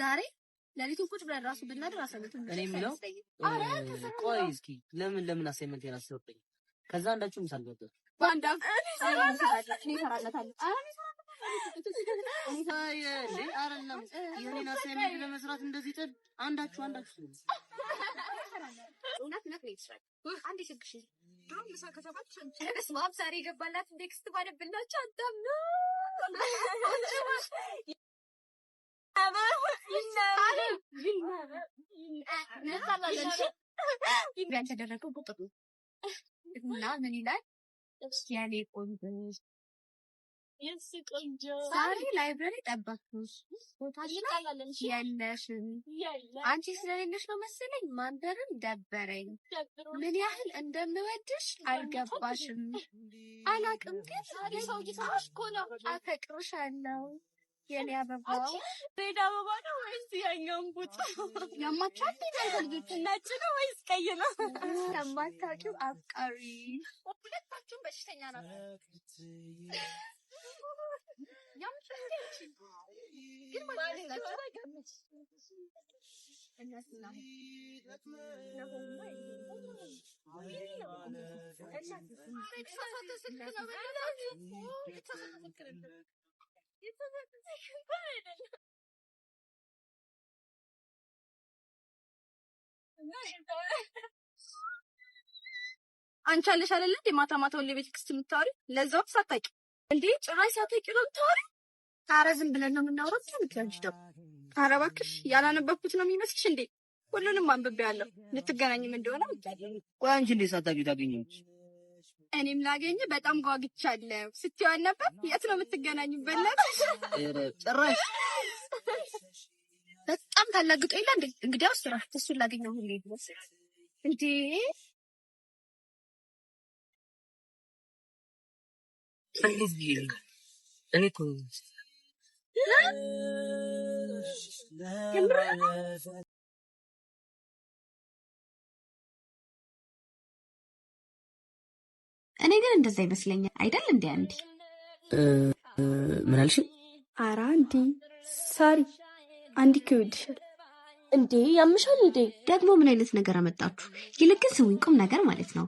ዛሬ ለሊቱን ቁጭ ብለን ራሱ ብናድር ቆይ እስኪ ለምን ለምን አሳይመንቴን አሰጠኝ? ከዛ ለመስራት እንደዚህ ጥድ አንዳችሁ አንዳችሁ እውነት ዛሬ የገባላት አንተም ነው ያልተደረገው ቁጥር ነው እና ምን ይላል? የኔ ቆንጆ የእሱ ቆንጆ ሳሪ ላይብረሪ ጠባክሽ ቦታሽ የለሽም። አንቺ ስለሌለሽ ነው መሰለኝ ደበረኝ። ምን ያህል እንደምወድሽ አልገባሽም። አላቅም ግን አፈቅርሻለሁ የኔ አበባ ሬድ አበባ ነው ወይስ ያኛው ቡት ያማቻል? ነጭ ነው ወይስ ቀይ ነው? የማታውቂው አፍቃሪ ሁለታችሁም በሽተኛ ናቸው። አንቺ አለሽ አይደለ እንዴ ማታ ማታ ሁሌ ቤት ክስት የምታወሪ ለዛውም ሳታቂ እንዴ ጭራሽ ሳታቂ ነው የምታወሪ። ኧረ ዝም ብለን ነው የምናወራው። ትምትያንች ደግሞ ኧረ እባክሽ ያላነበብኩት ነው የሚመስልሽ እንዴ? ሁሉንም አንብቤ ያለው ልትገናኝም እንደሆነ ወይ አንቺ እንዴ ሳታቂ ታገኘች እኔም ላገኝ በጣም ጓግቻለሁ ስትይዋን ነበር። የት ነው የምትገናኙበት? ጭራሽ በጣም ታላግጦ የለ እንዴ? እንግዲያውስ ጭራሽ እሱን ላገኘው ሁሌ ድረስ እንዴ እኔ ግን እንደዛ ይመስለኛል አይደል? እንዲ አንዲ ምን አልሽኝ? አረ አንዲ ሳሪ አንዲ ይወድሻል እንዴ? ያምሻል እንዴ? ደግሞ ምን አይነት ነገር አመጣችሁ? ይልቅን ስሙኝ፣ ቁም ነገር ማለት ነው።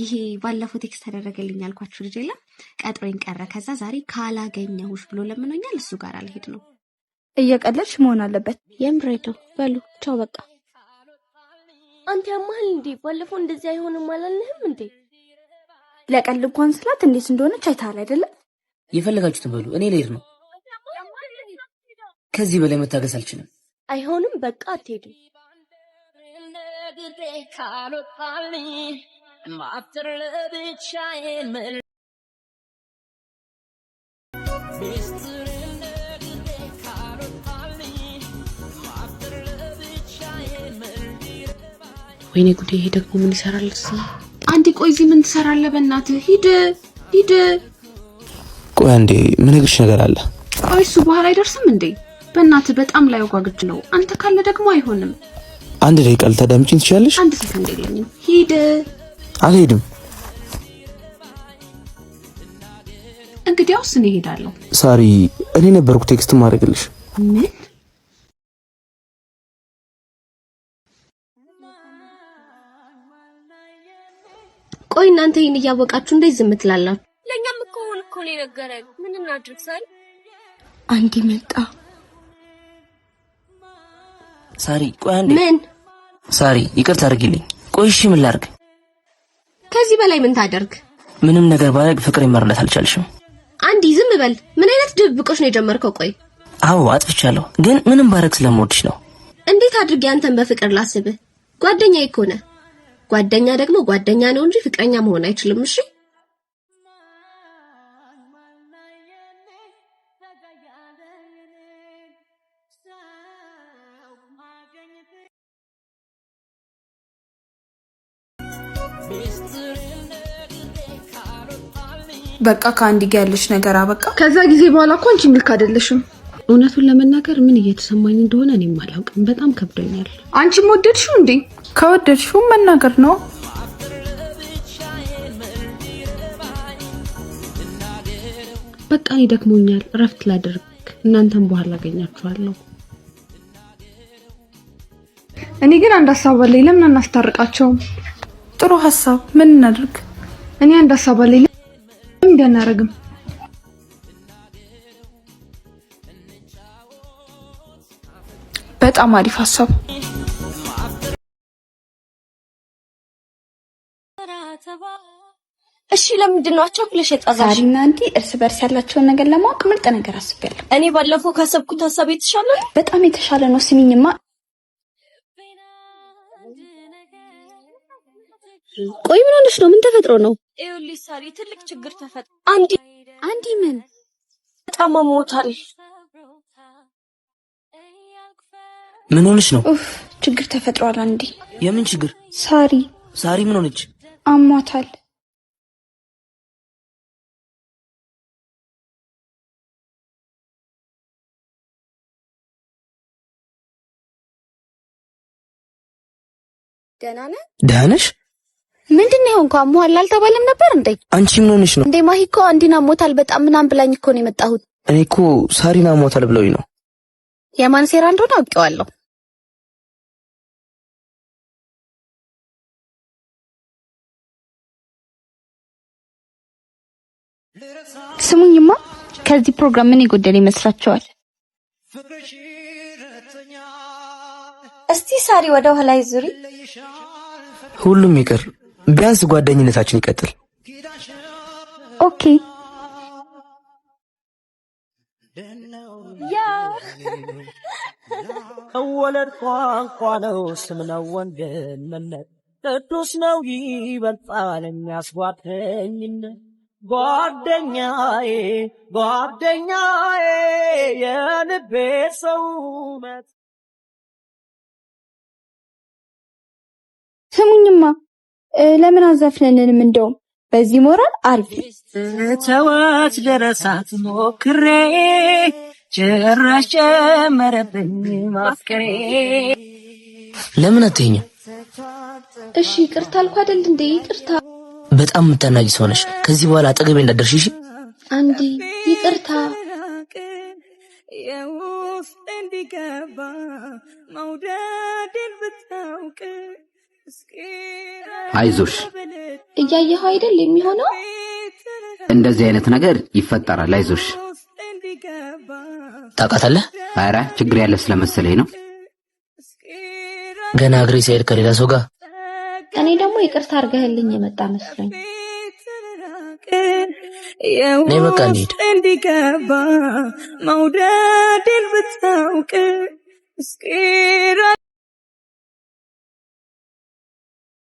ይሄ ባለፈው ቴክስ ተደረገልኝ ያልኳችሁ ልጅ የለም ቀጥሮኝ ቀረ። ከዛ ዛሬ ካላገኘሁሽ ብሎ ለምኖኛል። እሱ ጋር አልሄድ ነው። እየቀለድሽ መሆን አለበት። የምሬ ነው። በሉ ቻው፣ በቃ አንተ ያማል እንዴ? ባለፈው እንደዚህ አይሆንም አላልንህም እንዴ? ለቀል እንኳን ስላት እንዴት እንደሆነች አይታል አይደለም? የፈለጋችሁትን በሉ፣ እኔ ልሄድ ነው። ከዚህ በላይ መታገስ አልችልም። አይሆንም፣ በቃ አትሄድም። ወይኔ ጉዴ! ይሄ ደግሞ ምን ይሰራል? አንዴ ቆይ፣ እዚህ ምን ትሰራለህ? በእናትህ ሂድ ሂድ። ቆይ አንዴ ምነግርሽ ነገር አለ። ቆይ እሱ በኋላ አይደርስም እንዴ? በእናትህ በጣም ላይ ወጓግጅ ነው። አንተ ካለ ደግሞ አይሆንም። አንድ ደቂቃ ልታዳምጪኝ ትችያለሽ? አንድ ሰከንድ የለኝም። ሂድ። አልሄድም። እንግዲያውስ እኔ እሄዳለሁ። ሳሪ፣ እኔ ነበርኩ ቴክስት ማድረግልሽ። ምን ቆይ እናንተ ይህን እያወቃችሁ እንዴት ዝም ትላላችሁ? ለእኛም እኮ አሁን እኮ ነው የነገረን። ምን እናድርግ? ሳሪ መጣ። ሳሪ ቆይ አንዴ። ምን? ሳሪ ይቅርታ አድርጊልኝ። ቆይ እሺ ምን ላድርግ? ከዚህ በላይ ምን ታደርግ? ምንም ነገር ባደርግ ፍቅር ይመርለት አልቻልሽም። አንዲ ዝም በል። ምን አይነት ድብብቆች ነው የጀመርከው? ቆይ አዎ አጥፍቻለሁ፣ ግን ምንም ባደርግ ስለምወድሽ ነው። እንዴት አድርጌ አንተን በፍቅር ላስብህ? ጓደኛዬ እኮ ነህ። ጓደኛ ደግሞ ጓደኛ ነው እንጂ ፍቅረኛ መሆን አይችልም። እሺ በቃ ከአንድ ጋ ያለሽ ነገር አበቃ። ከዛ ጊዜ በኋላ እኮ አንቺ ምልክ አይደለሽም። እውነቱን ለመናገር ምን እየተሰማኝ እንደሆነ እኔም አላውቅም። በጣም ከብዶኛል። አንቺም ወደድሽው እንዴ? ከወደድሽው መናገር ነው። በቃ እኔ ደክሞኛል፣ እረፍት ላድርግ። እናንተም በኋላ አገኛችኋለሁ። እኔ ግን አንድ ሀሳብ አለኝ። ለምን አናስታርቃቸውም? ጥሩ ሀሳብ። ምን እናድርግ? እኔ አንድ ሀሳብ አለኝ። ለምን እንዳናረግም በጣም አሪፍ ሀሳብ። እሺ ለምንድን ነው አቻኩለሽ የጣዛሽ? እና እንዲ እርስ በርስ ያላቸውን ነገር ለማወቅ ምርጥ ነገር አስቤያለሁ። እኔ ባለፈው ካሰብኩት ሀሳብ የተሻለ ነው፣ በጣም የተሻለ ነው። ስሚኝማ፣ ቆይ ምን ሆነሽ ነው? ምን ተፈጥሮ ነው? ይኸውልሽ ሳሪ፣ ትልቅ ችግር ተፈጥሮ አንዲ አንዲ ምን በጣም ሞታል። ምን ሆነሽ ነው? ችግር ተፈጥሯል። አንዴ የምን ችግር? ሳሪ ሳሪ ምን ሆነች? አሟታል። ደህና ነሽ? ምንድን ነው እንኳ አሞሃል አልተባለም ነበር እንዴ? አንቺ ምን ሆነሽ ነው እንዴ? ማሂ እኮ አንዲና ሞታል በጣም ምናምን ብላኝ እኮ ነው የመጣሁት። እኔ እኮ ሳሪና ሞታል ብለውኝ ነው። የማን ሴራ እንደሆነ አውቄዋለሁ። ስሙኝማ፣ ከዚህ ፕሮግራም ምን ይጎደል ይመስላችኋል? እስቲ ሳሪ ወደ ኋላ ይዙሪ። ሁሉም ይቅር፣ ቢያንስ ጓደኝነታችን ይቀጥል። ኦኬ። ወለድ ቋንቋ ነው፣ ስም ነው፣ ወንድምነት ቅዱስ ነው፣ ይበልጣል የሚያስጓደኝነት ጓደኛዬ ጓደኛዬ የልቤ ሰውነት ስሙኝማ፣ ለምን አዘፍነንም? እንደውም በዚህ ሞራል አሪፍ ተዋት። ደረሳት ሞክሬ ጭራሽ ጨመረብኝ ማፍቅሬ። ለምን አትይኝም? እሺ ይቅርታ አልኩ አይደል እንዴ? ይቅርታ በጣም የምታናጊ ሰው ነሽ። ከዚህ በኋላ አጠገቤ እንዳደርሽ እሺ። አንዲ ይቅርታ። የውስጥ እንዲገባ መውደድን ብታውቅ አይዞሽ። እያየኸው አይደል የሚሆነው? እንደዚህ አይነት ነገር ይፈጠራል። አይዞሽ። ታውቃታለህ? ኧረ ችግር ያለ ስለመሰለኝ ነው። ገና እግሬ ሳይሄድ ከሌላ ሰው ጋር እኔ ደግሞ ይቅርታ አድርገህልኝ የመጣ መስሎኝ እኔ እንዲገባ